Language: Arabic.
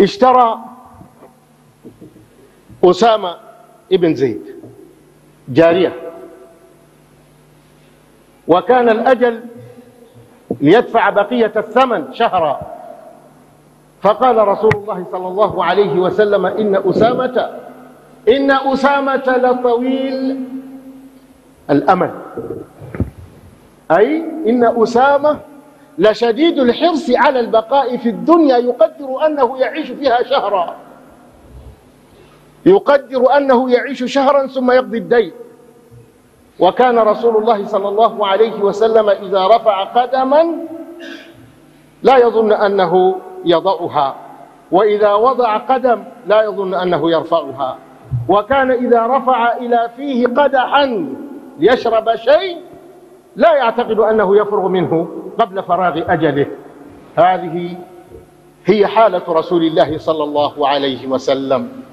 اشترى أسامة ابن زيد جارية وكان الأجل ليدفع بقية الثمن شهرا فقال رسول الله صلى الله عليه وسلم إن أسامة إن أسامة لطويل الأمل أي إن أسامة لشديد الحرص على البقاء في الدنيا يقدر أنه يعيش فيها شهرا يقدر أنه يعيش شهرا ثم يقضي الدين وكان رسول الله صلى الله عليه وسلم إذا رفع قدما لا يظن أنه يضعها وإذا وضع قدم لا يظن أنه يرفعها وكان إذا رفع إلى فيه قدحا ليشرب شيء لا يعتقد أنه يفرغ منه قبل فراغ أجله هذه هي حالة رسول الله صلى الله عليه وسلم